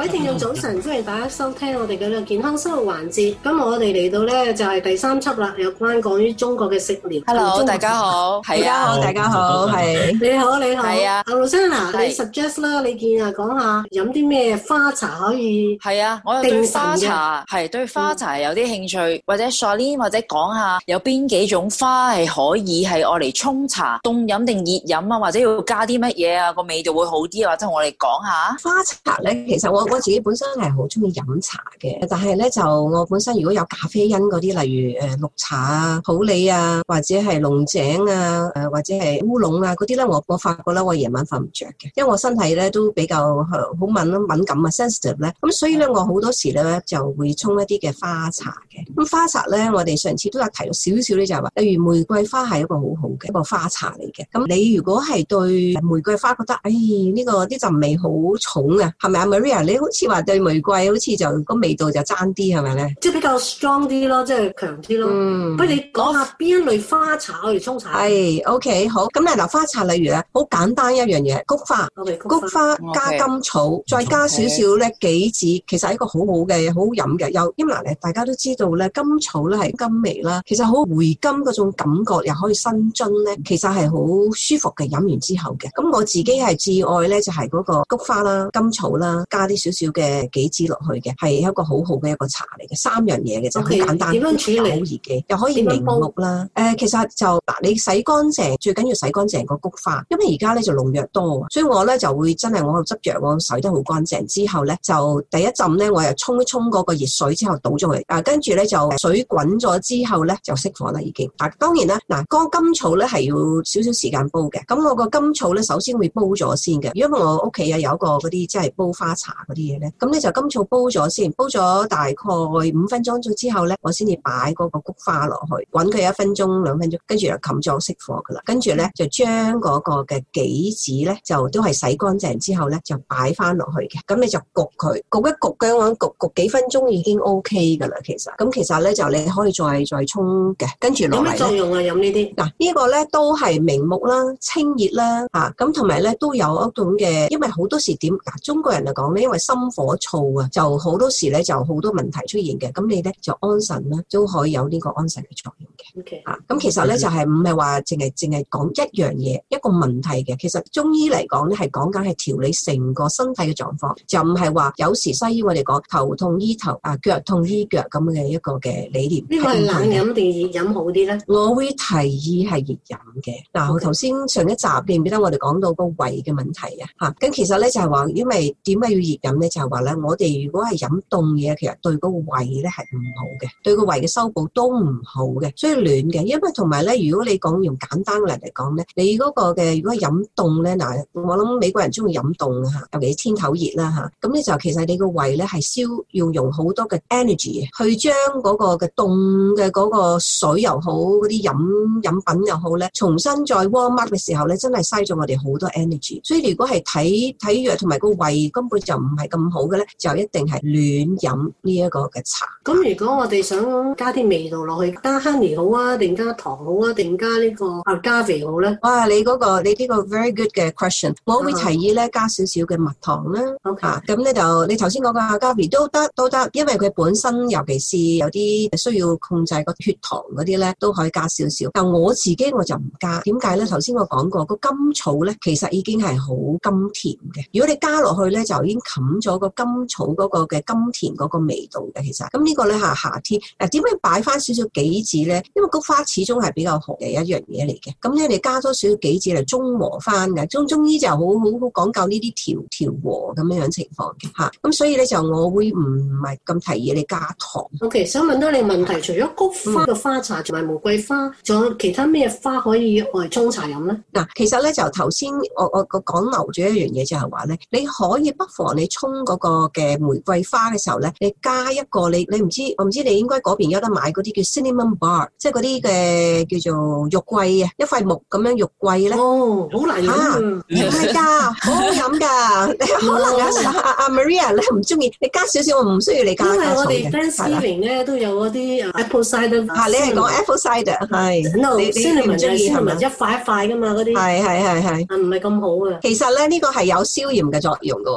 各位聽眾早晨，歡迎大家收聽我哋嘅健康生活環節。今日我哋嚟到咧就係第三輯啦，有關關於中國嘅食療。Hello，大家好，係啊，大家好，係你好，你好，係啊。阿露莎嗱，你 suggest 啦，你見啊，講下飲啲咩花茶可以？係啊，我對花茶係對花茶有啲興趣，或者 Shirley 或者講下有邊幾種花係可以係我嚟沖茶，凍飲定熱飲啊？或者要加啲乜嘢啊？個味道會好啲啊？或者同我哋講下花茶咧，其實我我。我自己本身係好中意飲茶嘅，但係咧就我本身如果有咖啡因嗰啲，例如誒、呃、綠茶啊、普洱啊，或者係龍井啊、誒、呃、或者係烏龍啊嗰啲咧，我我發覺咧我夜晚瞓唔着嘅，因為我身體咧都比較好敏敏感啊，sensitive 咧，咁所以咧我好多時咧就會沖一啲嘅花茶嘅。咁、嗯、花茶咧，我哋上次都有提到少少咧，就係、是、話，例如玫瑰花係一個好好嘅一個花茶嚟嘅。咁你如果係對玫瑰花覺得，哎呢、這個啲陣味好重啊，係咪啊，Maria？好似話對玫瑰好似就個味道就爭啲係咪咧？即係比較 strong 啲咯，即係強啲咯。嗯、不如你講下邊類花茶，可以沖茶。係、哎、OK，好咁咧。嗱，花茶例如咧，好簡單一樣嘢，菊花，okay, 菊花，菊花加甘草，okay, 再加少少咧杞子。okay 其實係一個好好嘅，好好飲嘅。有因為嗱、呃、大家都知道咧，甘草咧係甘味啦，其實好回甘嗰種感覺，又可以生津咧。其實係好舒服嘅，飲完之後嘅。咁我自己係至愛咧，就係嗰個菊花啦、甘草啦，加啲。少少嘅杞子落去嘅，係一個好好嘅一個茶嚟嘅，三樣嘢嘅就簡單的，處理好易嘅，理又可以明目啦。誒、呃，其實就嗱，你洗乾淨，最緊要洗乾淨個菊花，因為而家咧就農藥多，所以我咧就會真係我執藥，我洗得好乾淨之後咧，就第一浸咧，我又沖一沖嗰個熱水之後倒咗佢。嗱、呃，跟住咧就水滾咗之後咧就熄火啦，已經。嗱，當然啦，嗱、那，個甘草咧係要少少時間煲嘅。咁我個甘草咧首先會煲咗先嘅。如果我屋企啊有一個嗰啲即係煲花茶啲嘢咧，咁你就甘草煲咗先，煲咗大概五分鐘左右之後咧，我先至擺嗰個菊花落去，滾佢一分鐘兩分鐘，跟住就冚咗熄火噶啦，跟住咧就將嗰個嘅杞子咧就都係洗乾淨之後咧就擺翻落去嘅，咁你就焗佢，焗一焗，焗一焗，焗幾分鐘已經 OK 噶啦，其實，咁其實咧就你可以再再沖嘅，跟住落嚟。咩作用啊？飲、啊呢個、呢啲嗱呢個咧都係明目啦，清熱啦嚇，咁同埋咧都有一種嘅，因為好多時點，中國人嚟講咧，因為心火燥啊，就好多時咧就好多問題出現嘅，咁你咧就安神啦，都可以有呢個安神嘅作用。O K，吓，咁其實咧就係唔係話淨係淨係講一樣嘢，一個問題嘅，其實中醫嚟講咧係講緊係調理成個身體嘅狀況，就唔係話有時西醫我哋講頭痛醫頭啊，腳痛醫腳咁嘅一個嘅理念。呢個是冷飲定熱飲好啲咧？我會提議係熱飲嘅。嗱、嗯，我頭先 Okay. 上一集記唔記得我哋講到個胃嘅問題啊？吓、嗯、咁、嗯、其實咧就係、是、話，因為點解要熱飲咧？就係話咧，我哋如果係飲凍嘢，其實對個胃咧係唔好嘅，對個胃嘅修補都唔好嘅，所以。暖嘅，因為同埋咧，如果你講用簡單嚟嚟講咧，你嗰個嘅如果飲凍咧，嗱，我諗美國人中意飲凍嘅吓，尤其是天頭熱啦吓，咁咧就其實你個胃咧係燒，要用好多嘅 energy 去將嗰個嘅凍嘅嗰個水又好，嗰啲飲飲品又好咧，重新再 warm up 嘅時候咧，真係嘥咗我哋好多 energy。所以如果係睇睇藥同埋個胃根本就唔係咁好嘅咧，就一定係暖飲呢一個嘅茶。咁如果我哋想加啲味道落去，加 h 好啊，定加糖好啊，定加呢個阿加菲好咧？哇！你嗰、那個你呢個 very good 嘅 question，我會提議咧加少少嘅蜜糖啦嚇。咁咧、啊、就你頭先講個阿加菲都得都得，因為佢本身尤其是有啲需要控制個血糖嗰啲咧，都可以加少少。但我自己我就唔加，點解咧？頭先我講過個甘草咧，其實已經係好甘甜嘅。如果你加落去咧，就已經冚咗個甘草嗰個嘅甘甜嗰個味道嘅。其實咁、這個、呢個咧夏天嗱，啊、點樣擺翻少少杞子咧？因為菊花始終係比較寒嘅一樣嘢嚟嘅，咁咧你加多少杞子嚟中和翻嘅？中中醫就好好好講究呢啲調調和咁樣樣情況嘅嚇，咁所以咧就我會唔係咁提議你加糖。O、okay, K，想問多你問題，除咗菊花嘅、嗯、花茶，同埋玫瑰花，仲有其他咩花可以用嚟沖茶飲咧？嗱，其實咧就頭先我我講漏咗一樣嘢就係話咧，你可以不妨你沖嗰個嘅玫瑰花嘅時候咧，你加一個你你唔知道我唔知道你應該嗰邊有得買嗰啲叫 cinnamon、um、bark 即係嗰啲嘅叫做肉桂啊，一塊木咁樣肉桂咧。哦，好難飲。唔係㗎，好飲㗎。可能阿 Maria，你唔中意？你加少少，我唔需要你加。因為我哋 fans 名咧都有嗰啲 Apple cider。嚇，你係講 Apple cider 係。你你唔中意係咪？一塊一塊㗎嘛，嗰啲。係係係係。啊，唔係咁好啊。其實咧，呢個係有消炎嘅作用㗎。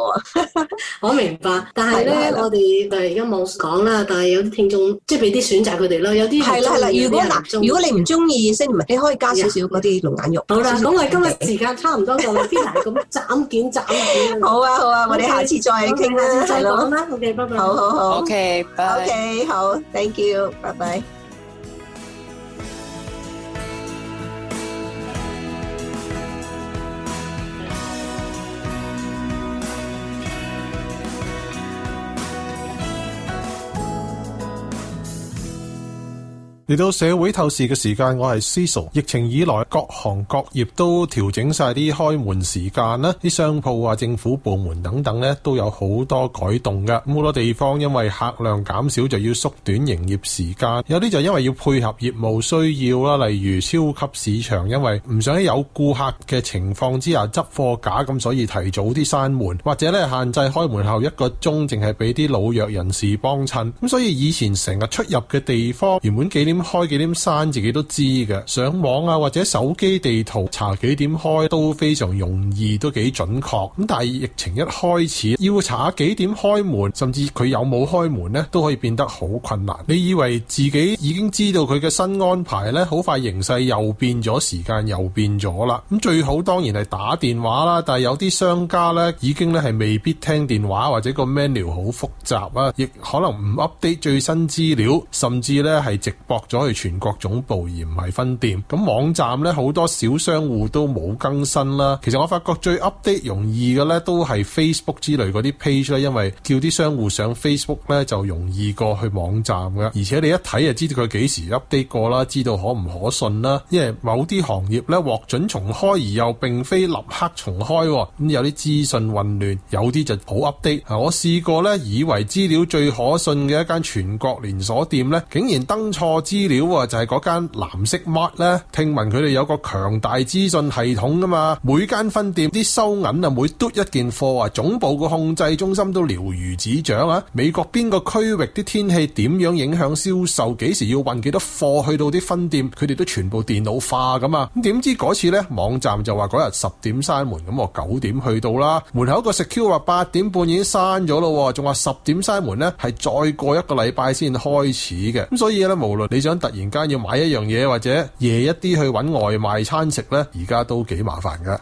我明白，但係咧，我哋誒而家冇講啦，但係有啲聽眾即係俾啲選擇佢哋啦。有啲係啦，例如。嗱，如果你唔中意，唔係，啊、你可以加少少嗰啲龍眼肉。嗯、點點好啦，咁我今日時間差唔多，就呢啲咁斬件斬件。好啊好啊，我哋下次再傾啦，係咯、嗯。好、嗯、啦，好嘅，拜、okay, 拜。好好好，OK，拜 bye.。OK，好，Thank you，拜拜。嚟到社會透視嘅時間，我係 Ciso。疫情以來，各行各業都調整晒啲開門時間啦，啲商鋪啊、政府部門等等咧，都有好多改動㗎。好多地方因為客量減少，就要縮短營業時間；有啲就因為要配合業務需要啦，例如超級市場，因為唔想喺有顧客嘅情況之下執貨架，咁所以提早啲閂門，或者咧限制開門後一個鐘，淨係俾啲老弱人士幫襯。咁所以以前成日出入嘅地方，原本幾點開幾點閂自己都知嘅，上網啊或者手機地圖查幾點開都非常容易，都幾準確。咁但係疫情一開始，要查幾點開門，甚至佢有冇開門呢，都可以變得好困難。你以為自己已經知道佢嘅新安排呢？好快形勢又變咗，時間又變咗啦。咁最好當然係打電話啦，但係有啲商家呢，已經呢係未必聽電話，或者個 menu 好複雜啊，亦可能唔 update 最新資料，甚至呢係直播。咗去全國總部而唔係分店，咁網站咧，好多小商戶都冇更新啦。其實我發覺最 update 容易嘅咧，都係 Facebook 之類嗰啲 page 啦，因為叫啲商戶上 Facebook 咧就容易過去網站嘅，而且你一睇就知道佢幾時 update 過啦，知道可唔可信啦。因為某啲行業咧獲准重開，而又並非立刻重開喎，咁有啲資訊混亂，有啲就好 update。我試過咧，以為資料最可信嘅一間全國連鎖店咧，竟然登錯。資料啊，就係嗰間藍色 mark 咧，聽聞佢哋有個強大資訊系統噶嘛，每間分店啲收銀啊，每篤一件貨啊，總部個控制中心都了如指掌啊。美國邊個區域啲天氣點樣影響銷售，幾時要運幾多貨去到啲分店，佢哋都全部電腦化噶嘛。咁點知嗰次呢，網站就話嗰日十點閂門，咁我九點去到啦，門口個 security 話八點半已經閂咗咯，仲話十點閂門呢係再過一個禮拜先開始嘅。咁所以咧，無論你想突然間要買一樣嘢，或者夜一啲去揾外賣餐食呢，而家都幾麻煩噶。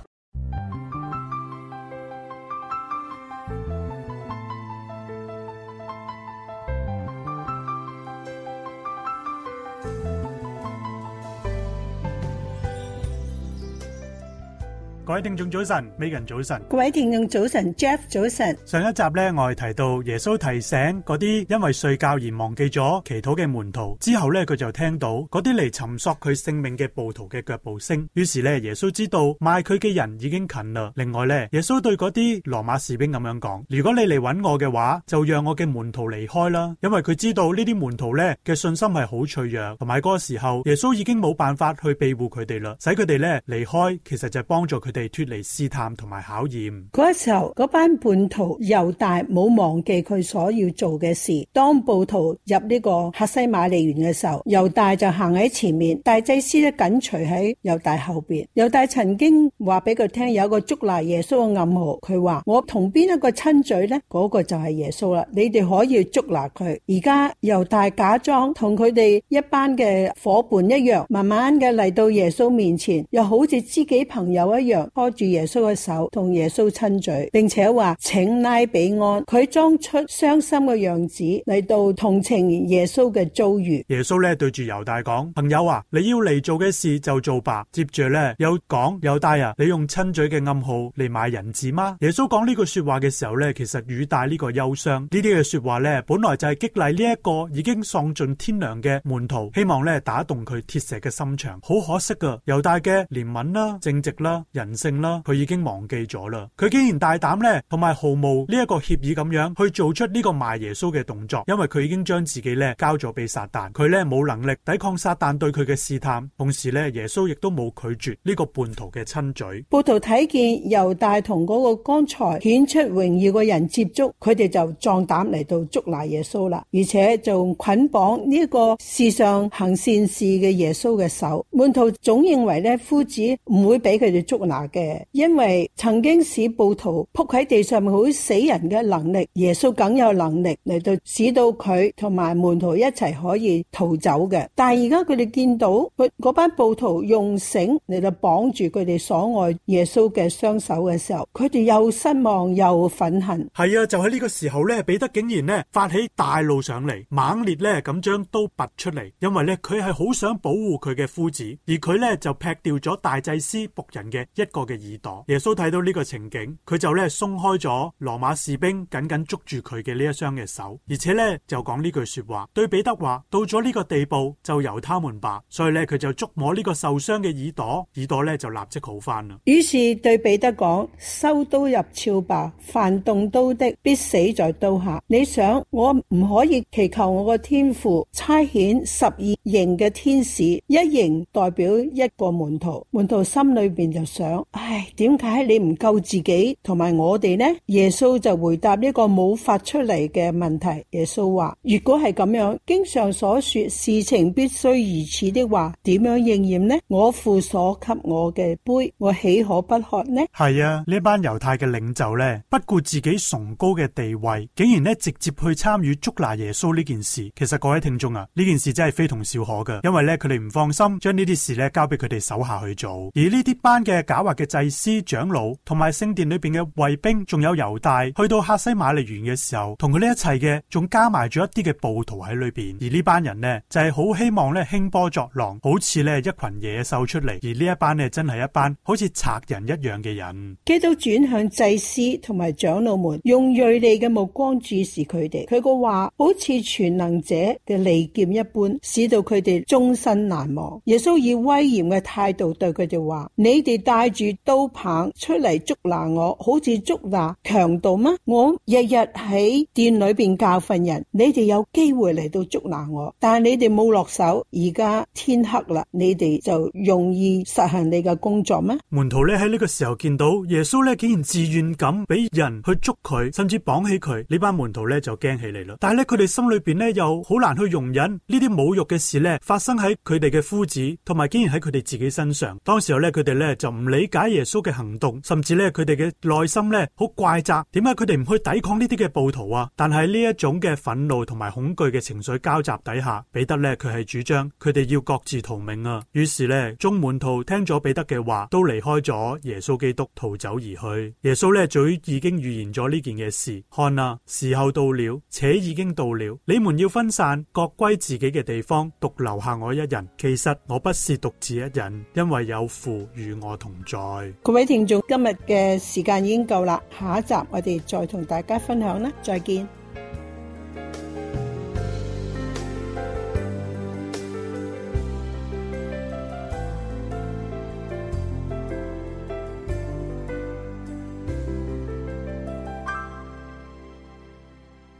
各位聽眾早晨，Megan 早晨，各位聽眾早晨，Jeff 早晨。上一集咧，我係提到耶穌提醒嗰啲因為睡覺而忘記咗祈禱嘅門徒，之後咧，佢就聽到嗰啲嚟尋索佢性命嘅暴徒嘅腳步聲，於是咧，耶穌知道賣佢嘅人已經近啦。另外咧，耶穌對嗰啲羅馬士兵咁樣講，如果你嚟揾我嘅話，就讓我嘅門徒離開啦，因為佢知道呢啲門徒咧嘅信心係好脆弱，同埋嗰個時候耶穌已經冇辦法去庇護佢哋啦，使佢哋咧離開，其實就係幫助佢哋。脫離試探同埋考驗嗰個時候，嗰班叛徒猶大冇忘記佢所要做嘅事。當暴徒入呢個客西馬利園嘅時候，猶大就行喺前面，大祭司咧緊隨喺猶大後邊。猶大曾經話俾佢聽有一個捉拿耶穌嘅暗號，佢話我同邊一個親嘴呢？嗰、那個就係耶穌啦。你哋可以捉拿佢。而家猶大假裝同佢哋一班嘅夥伴一樣，慢慢嘅嚟到耶穌面前，又好似知己朋友一樣，拖住耶穌嘅手，同耶穌親嘴，並且話請拉比安，佢裝出傷心嘅樣子嚟到同情耶穌嘅遭遇。耶穌咧對住猶大講：朋友啊，你要嚟做嘅事就做吧。接住咧又講，猶大啊，你用親嘴嘅暗號嚟賣人子嗎？耶穌講呢句說話嘅時候咧，其實語帶呢個憂傷。呢啲嘅說話咧，本來就係激勵呢一個已經喪盡天良嘅門徒，希望咧打動佢鐵石嘅心腸。好可惜噶，猶大嘅憐憫啦、啊、正直啦、啊、人。性啦，佢已經忘記咗啦。佢竟然大膽咧，同埋毫無呢一個協議咁樣去做出呢個賣耶穌嘅動作，因為佢已經將自己咧交咗俾撒旦，佢咧冇能力抵抗撒旦對佢嘅試探，同時咧耶穌亦都冇拒絕呢個叛徒嘅親嘴。叛徒睇見猶大同嗰個剛才顯出榮耀嘅人接觸，佢哋就壯膽嚟到捉拿耶穌啦，而且仲捆綁呢個世上行善事嘅耶穌嘅手。叛徒總認為咧，夫子唔會俾佢哋捉拿。嘅，因為曾經使暴徒撲喺地上面好死人嘅能力，耶穌梗有能力嚟到使到佢同埋門徒一齊可以逃走嘅。但係而家佢哋見到嗰班暴徒用繩嚟到綁住佢哋所愛耶穌嘅雙手嘅時候，佢哋又失望又憤恨。係啊，就喺呢個時候咧，彼得竟然咧發起大怒上嚟，猛烈咧咁將刀拔出嚟，因為咧佢係好想保護佢嘅夫子，而佢咧就劈掉咗大祭司僕人嘅一。個嘅耳朵，耶穌睇到呢個情景，佢就咧鬆開咗羅馬士兵緊緊捉住佢嘅呢一雙嘅手，而且咧就講呢句說話，對彼得話：到咗呢個地步，就由他們吧。所以咧佢就捉摸呢個受傷嘅耳朵，耳朵咧就立即好返啦。於是對彼得講：收刀入鞘吧，凡動刀的必死在刀下。你想我唔可以祈求我個天父差遣十二營嘅天使，一營代表一個門徒，門徒心裏邊就想。唉，點解你唔救自己同埋我哋呢？耶穌就回答呢個冇發出嚟嘅問題。耶穌話：如果係咁樣，經常所說事情必須如此的話，點樣應驗呢？我父所給我嘅杯，我豈可不喝呢？係啊，呢班猶太嘅領袖呢，不顧自己崇高嘅地位，竟然呢直接去參與捉拿耶穌呢件事。其實各位聽眾啊，呢件事真係非同小可噶，因為呢佢哋唔放心將呢啲事呢交俾佢哋手下去做，而呢啲班嘅假。嘅祭司、長老同埋聖殿裏邊嘅衛兵，仲有猶大，去到哈西馬利園嘅時候，同佢呢一切嘅，仲加埋咗一啲嘅暴徒喺裏邊。而呢班人呢，就係好希望咧興波作浪，好似咧一群野獸出嚟。而呢一班呢，真係一班好似賊人一樣嘅人。基督轉向祭司同埋長老們，用銳利嘅目光注視佢哋。佢嘅話好似全能者嘅利劍一般，使到佢哋終身難忘。耶穌以威嚴嘅態度對佢哋話：，你哋帶住。住刀棒出嚟捉拿我，好似捉拿強盜咩？我日日喺店裏邊教訓人，你哋有機會嚟到捉拿我，但係你哋冇落手。而家天黑啦，你哋就容易實行你嘅工作咩？門徒咧喺呢個時候見到耶穌咧，竟然自願咁俾人去捉佢，甚至綁起佢。呢班門徒咧就驚起嚟啦。但係咧佢哋心裏邊咧又好難去容忍呢啲侮辱嘅事咧發生喺佢哋嘅夫子，同埋竟然喺佢哋自己身上。當時候咧佢哋咧就唔理。解耶穌嘅行動，甚至咧佢哋嘅內心咧好怪責，點解佢哋唔去抵抗呢啲嘅暴徒啊？但係呢一種嘅憤怒同埋恐懼嘅情緒交集底下，彼得咧佢係主張佢哋要各自逃命啊。於是呢，眾門徒聽咗彼得嘅話，都離開咗耶穌基督，逃走而去。耶穌咧早已經預言咗呢件嘅事，看啊，時候到了，且已經到了，你們要分散，各歸自己嘅地方，獨留下我一人。其實我不是獨自一人，因為有父與我同在。各位聽眾，今日嘅時間已經夠啦，下一集我哋再同大家分享啦，再見。